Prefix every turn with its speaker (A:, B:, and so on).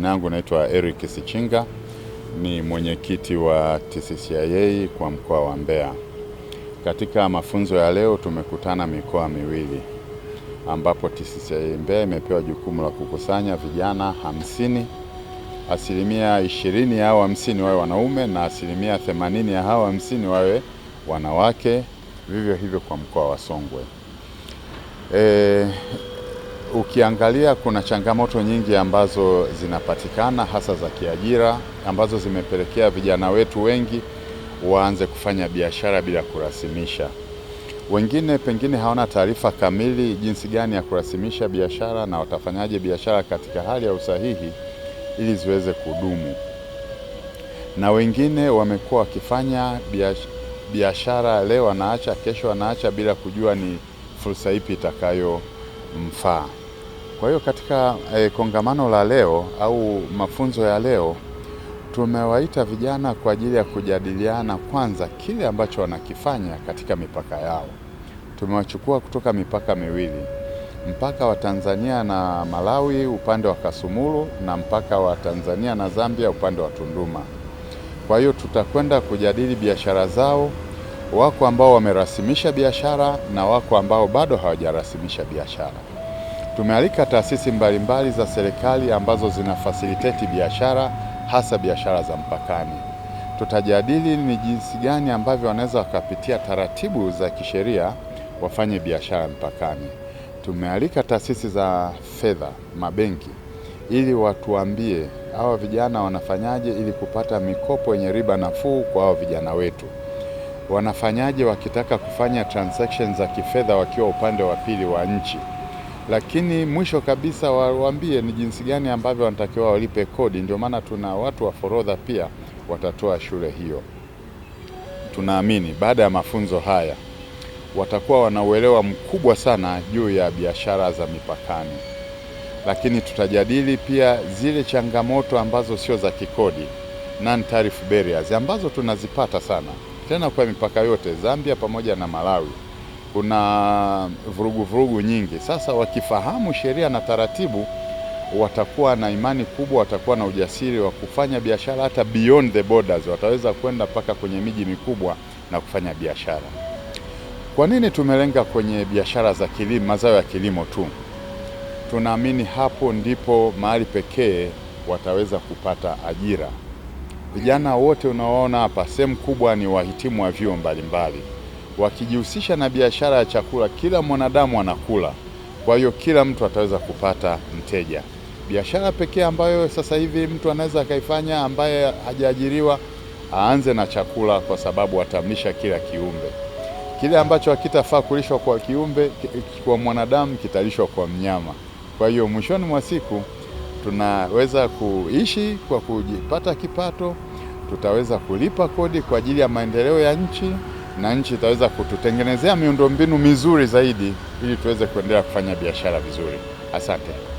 A: Jina langu naitwa Eric Sichinga, ni mwenyekiti wa TCCIA kwa mkoa wa Mbeya. Katika mafunzo ya leo tumekutana mikoa miwili ambapo TCCIA Mbeya imepewa jukumu la kukusanya vijana hamsini, asilimia ishirini ya hao hamsini wawe wanaume na asilimia themanini ya hao hamsini wawe wanawake, vivyo hivyo kwa mkoa wa Songwe. E, Ukiangalia kuna changamoto nyingi ambazo zinapatikana hasa za kiajira ambazo zimepelekea vijana wetu wengi waanze kufanya biashara bila kurasimisha. Wengine pengine hawana taarifa kamili jinsi gani ya kurasimisha biashara na watafanyaje biashara katika hali ya usahihi ili ziweze kudumu, na wengine wamekuwa wakifanya biashara leo, anaacha kesho, anaacha bila kujua ni fursa ipi itakayo mfaa. Kwa hiyo katika e, kongamano la leo au mafunzo ya leo tumewaita vijana kwa ajili ya kujadiliana kwanza kile ambacho wanakifanya katika mipaka yao. Tumewachukua kutoka mipaka miwili, mpaka wa Tanzania na Malawi upande wa Kasumulu na mpaka wa Tanzania na Zambia upande wa Tunduma. Kwa hiyo tutakwenda kujadili biashara zao. Wako ambao wamerasimisha biashara na wako ambao bado hawajarasimisha biashara. Tumealika taasisi mbalimbali za serikali ambazo zina zinafasilitate biashara hasa biashara za mpakani. Tutajadili ni jinsi gani ambavyo wanaweza wakapitia taratibu za kisheria wafanye biashara mpakani. Tumealika taasisi za fedha, mabenki, ili watuambie hawa vijana wanafanyaje ili kupata mikopo yenye riba nafuu kwa hawa vijana wetu wanafanyaje wakitaka kufanya transactions za kifedha wakiwa upande wa pili wa nchi lakini mwisho kabisa wawambie ni jinsi gani ambavyo wanatakiwa walipe kodi. Ndio maana tuna watu wa forodha pia watatoa shule hiyo. Tunaamini baada ya mafunzo haya watakuwa wana uelewa mkubwa sana juu ya biashara za mipakani, lakini tutajadili pia zile changamoto ambazo sio za kikodi, non tariff barriers ambazo tunazipata sana tena kwa mipaka yote Zambia pamoja na Malawi kuna vurugu vurugu nyingi. Sasa wakifahamu sheria na taratibu, watakuwa na imani kubwa, watakuwa na ujasiri wa kufanya biashara hata beyond the borders, wataweza kwenda mpaka kwenye miji mikubwa na kufanya biashara. Kwa nini tumelenga kwenye biashara za kilimo, mazao ya kilimo tu? Tunaamini hapo ndipo mahali pekee wataweza kupata ajira. Vijana wote unaoona hapa, sehemu kubwa ni wahitimu wa vyuo mbalimbali wakijihusisha na biashara ya chakula, kila mwanadamu anakula, kwa hiyo kila mtu ataweza kupata mteja. Biashara pekee ambayo sasa hivi mtu anaweza akaifanya ambaye hajaajiriwa aanze na chakula, kwa sababu atamlisha kila kiumbe. Kile ambacho hakitafaa kulishwa kwa kiumbe, kwa mwanadamu kitalishwa kwa mnyama. Kwa hiyo mwishoni mwa siku tunaweza kuishi kwa kujipata kipato, tutaweza kulipa kodi kwa ajili ya maendeleo ya nchi na nchi itaweza kututengenezea miundombinu mizuri zaidi ili tuweze kuendelea kufanya biashara vizuri. Asante.